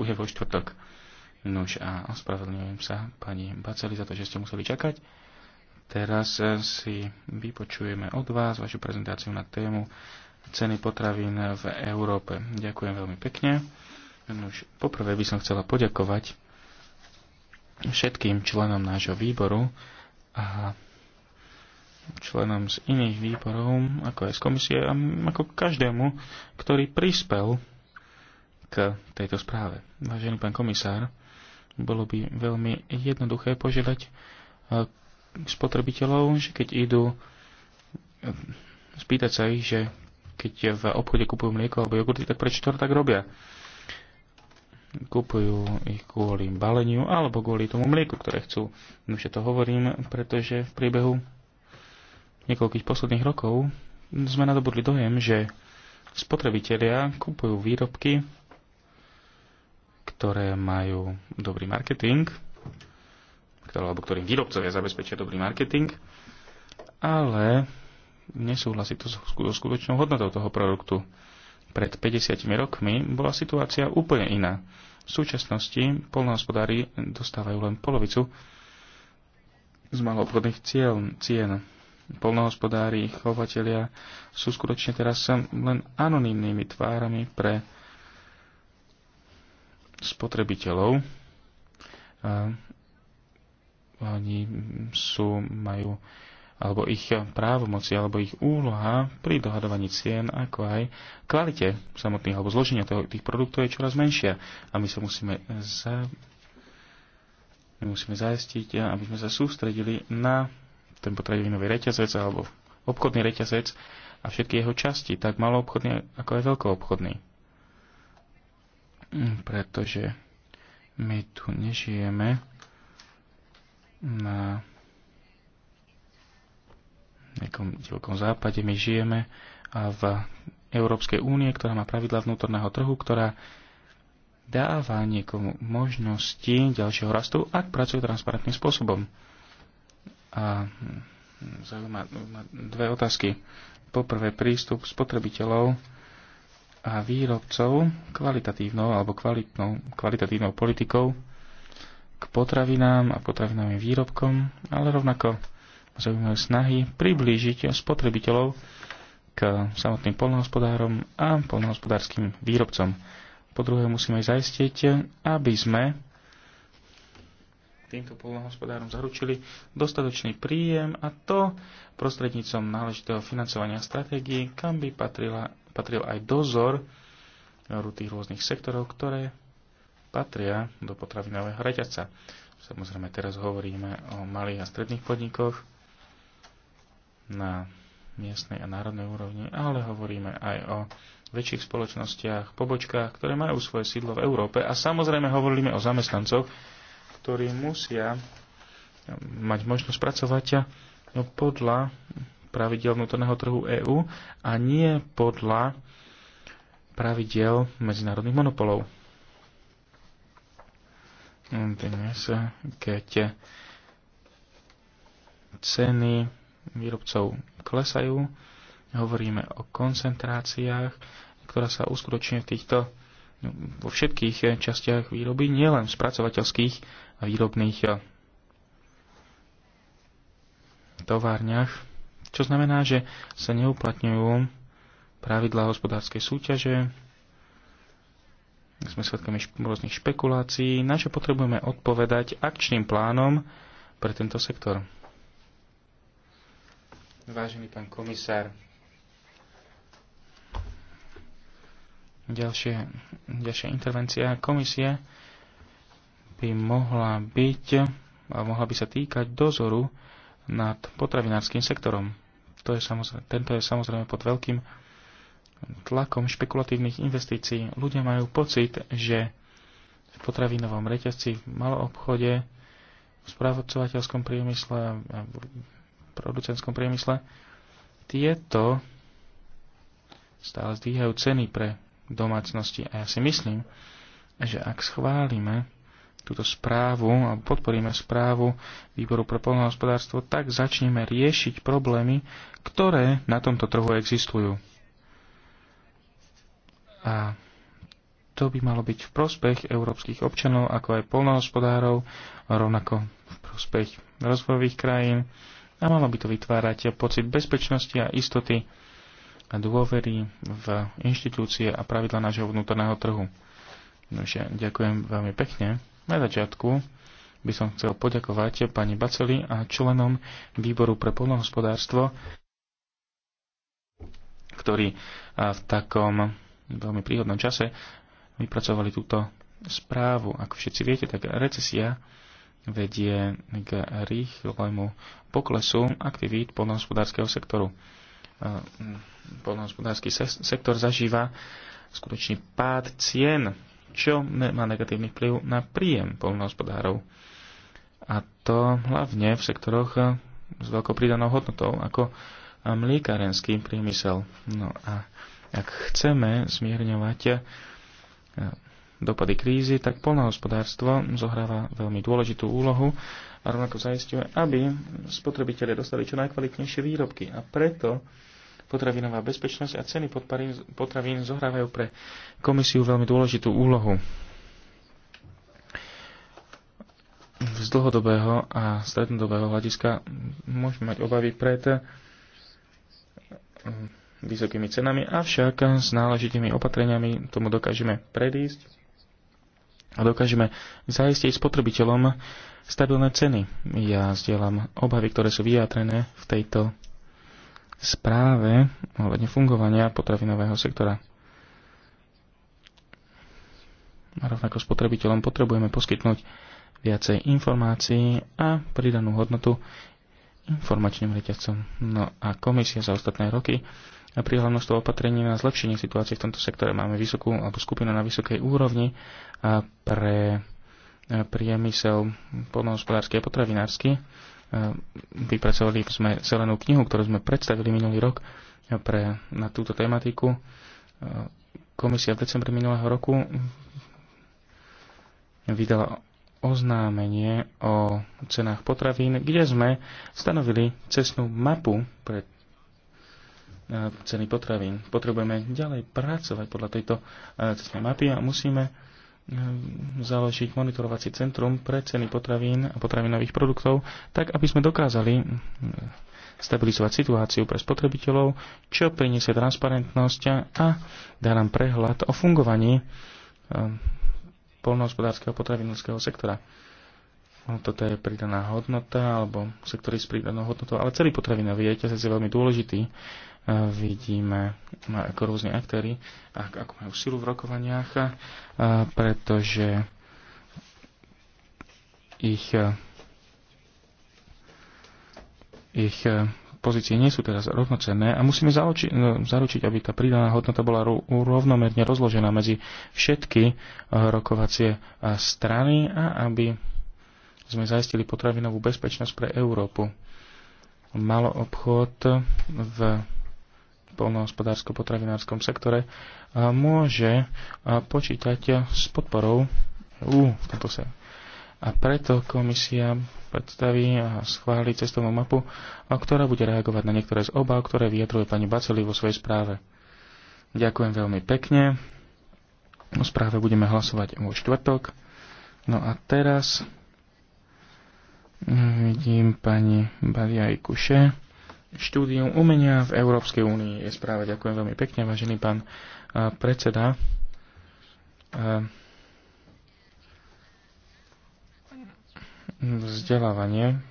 už je vo štvrtok. Nuž a ospravedlňujem sa pani Baceli za to, že ste museli čakať. Teraz eh, si vypočujeme od vás vašu prezentáciu na tému ceny potravín v Európe. Ďakujem veľmi pekne. Nuž, poprvé by som chcela poďakovať všetkým členom nášho výboru a členom z iných výborov, ako aj z komisie, a ako každému, ktorý prispel k tejto správe. Vážený pán komisár, bolo by veľmi jednoduché požiadať e, spotrebiteľov, že keď idú e, spýtať sa ich, že keď v obchode kupujú mlieko alebo jogurty, tak prečo to tak robia? Kupujú ich kvôli baleniu alebo kvôli tomu mlieku, ktoré chcú. No, to hovorím, pretože v priebehu niekoľkých posledných rokov sme nadobudli dojem, že spotrebitelia kupujú výrobky, ktoré majú dobrý marketing, ktoré, alebo ktorým výrobcovia zabezpečia dobrý marketing, ale nesúhlasí to so skutočnou hodnotou toho produktu. Pred 50 rokmi bola situácia úplne iná. V súčasnosti polnohospodári dostávajú len polovicu z maloobchodných cien. Polnohospodári, chovateľia sú skutočne teraz len anonymnými tvárami pre spotrebiteľov. Oni sú, majú alebo ich právomoci, alebo ich úloha pri dohadovaní cien, ako aj kvalite samotných alebo zloženia tých produktov je čoraz menšia. A my sa musíme, za, my musíme zaistiť, aby sme sa sústredili na ten potravinový reťazec alebo obchodný reťazec a všetky jeho časti, tak maloobchodný ako aj veľkoobchodný pretože my tu nežijeme na nejakom divokom západe, my žijeme v Európskej únie, ktorá má pravidla vnútorného trhu, ktorá dáva niekomu možnosti ďalšieho rastu, ak pracuje transparentným spôsobom. A zaujímavé dve otázky. Poprvé prístup spotrebiteľov a výrobcov kvalitatívnou alebo kvalitnou, kvalitatívnou politikou k potravinám a potravinovým výrobkom, ale rovnako zaujímavé snahy priblížiť spotrebiteľov k samotným polnohospodárom a polnohospodárským výrobcom. Po druhé musíme zaistiť, aby sme týmto polnohospodárom zaručili dostatočný príjem a to prostrednícom náležitého financovania stratégií, kam by patrila patril aj dozor tých rôznych sektorov, ktoré patria do potravinového reťaca. Samozrejme, teraz hovoríme o malých a stredných podnikoch na miestnej a národnej úrovni, ale hovoríme aj o väčších spoločnostiach, pobočkách, ktoré majú svoje sídlo v Európe a samozrejme hovoríme o zamestnancoch, ktorí musia mať možnosť pracovať no, podľa pravidel vnútorného trhu EÚ a nie podľa pravidel medzinárodných monopolov. Hm, dnes, keď ceny výrobcov klesajú, hovoríme o koncentráciách, ktorá sa uskutočňuje v týchto vo všetkých častiach výroby, nielen v spracovateľských a výrobných továrniach. Čo znamená, že sa neuplatňujú pravidlá hospodárskej súťaže, sme svedkami rôznych špekulácií, na čo potrebujeme odpovedať akčným plánom pre tento sektor. Vážený pán komisár, ďalšie, ďalšia intervencia komisie by mohla byť a mohla by sa týkať dozoru nad potravinárskym sektorom. To je samozrejme, tento je samozrejme pod veľkým tlakom špekulatívnych investícií. Ľudia majú pocit, že v potravinovom reťazci, v maloobchode, v správodcovateľskom priemysle a v producentskom priemysle tieto stále zdvíhajú ceny pre domácnosti. A ja si myslím, že ak schválime túto správu, alebo podporíme správu Výboru pre poľnohospodárstvo, tak začneme riešiť problémy, ktoré na tomto trhu existujú. A to by malo byť v prospech európskych občanov, ako aj polnohospodárov, rovnako v prospech rozvojových krajín a malo by to vytvárať pocit bezpečnosti a istoty a dôvery v inštitúcie a pravidla nášho vnútorného trhu. Takže ďakujem veľmi pekne. Na začiatku by som chcel poďakovať pani Baceli a členom výboru pre polnohospodárstvo, ktorí v takom veľmi príhodnom čase vypracovali túto správu. Ako všetci viete, tak recesia vedie k rýchlemu poklesu aktivít polnohospodárskeho sektoru. Polnohospodársky sektor zažíva skutočný pád cien čo má negatívny vplyv na príjem polnohospodárov. A to hlavne v sektoroch eh, s veľkou pridanou hodnotou, ako eh, mliekárenský priemysel. No a ak chceme zmierňovať eh, dopady krízy, tak polnohospodárstvo zohráva veľmi dôležitú úlohu a rovnako zaistuje, aby spotrebitelia dostali čo najkvalitnejšie výrobky. A preto Potravinová bezpečnosť a ceny potravín zohrávajú pre komisiu veľmi dôležitú úlohu. Z dlhodobého a strednodobého hľadiska môžeme mať obavy pred eh, vysokými cenami, avšak s náležitými opatreniami tomu dokážeme predísť a dokážeme zaistiť spotrebiteľom stabilné ceny. Ja zdieľam obavy, ktoré sú vyjadrené v tejto správe ohľadne fungovania potravinového sektora. A rovnako spotrebiteľom potrebujeme poskytnúť viacej informácií a pridanú hodnotu informačným reťazcom. No a komisia za ostatné roky a pri hlavnosti opatrení na zlepšenie situácie v tomto sektore. Máme vysokú alebo skupinu na vysokej úrovni a pre priemysel polnohospodársky a potravinársky Ehm, vypracovali sme zelenú knihu, ktorú sme predstavili minulý rok eh, pre, na túto tematiku. Ehm, komisia v decembri minulého roku ehm, vydala oznámenie o cenách potravín, kde sme stanovili cestnú mapu pre ceny potravín. Potrebujeme ďalej pracovať podľa tejto eh, cestnej mapy a musíme Ehm, založiť monitorovací centrum pre ceny potravín a potravinových produktov, tak aby sme dokázali ehm, stabilizovať situáciu pre spotrebiteľov, čo priniesie transparentnosť a dá nám prehľad o fungovaní ehm, polnohospodárskeho potravinovského sektora. Toto je pridaná hodnota, alebo sektory s pridanou hodnotou, ale celý potravinový je veľmi dôležitý vidíme, ako rôzni aktéry, ako majú silu v rokovaniach, pretože ich, ich pozície nie sú teraz rovnocenné a musíme no, zaručiť, aby tá pridaná hodnota bola rovnomerne rozložená medzi všetky rokovacie strany a aby sme zaistili potravinovú bezpečnosť pre Európu. Malo obchod v polnohospodársko-potravinárskom sektore môže počítať s podporou EU v tomto se. A preto komisia predstaví a schváli cestovnú mapu, ktorá bude reagovať na niektoré z obav, ktoré vyjadruje pani Baceli vo svojej správe. Ďakujem veľmi pekne. O správe budeme hlasovať o čtvrtok. No a teraz mm, vidím pani Badiaj Kuše štúdium umenia v Európskej únii je správa. Ďakujem veľmi pekne, vážený pán eh, predseda. Eh, vzdelávanie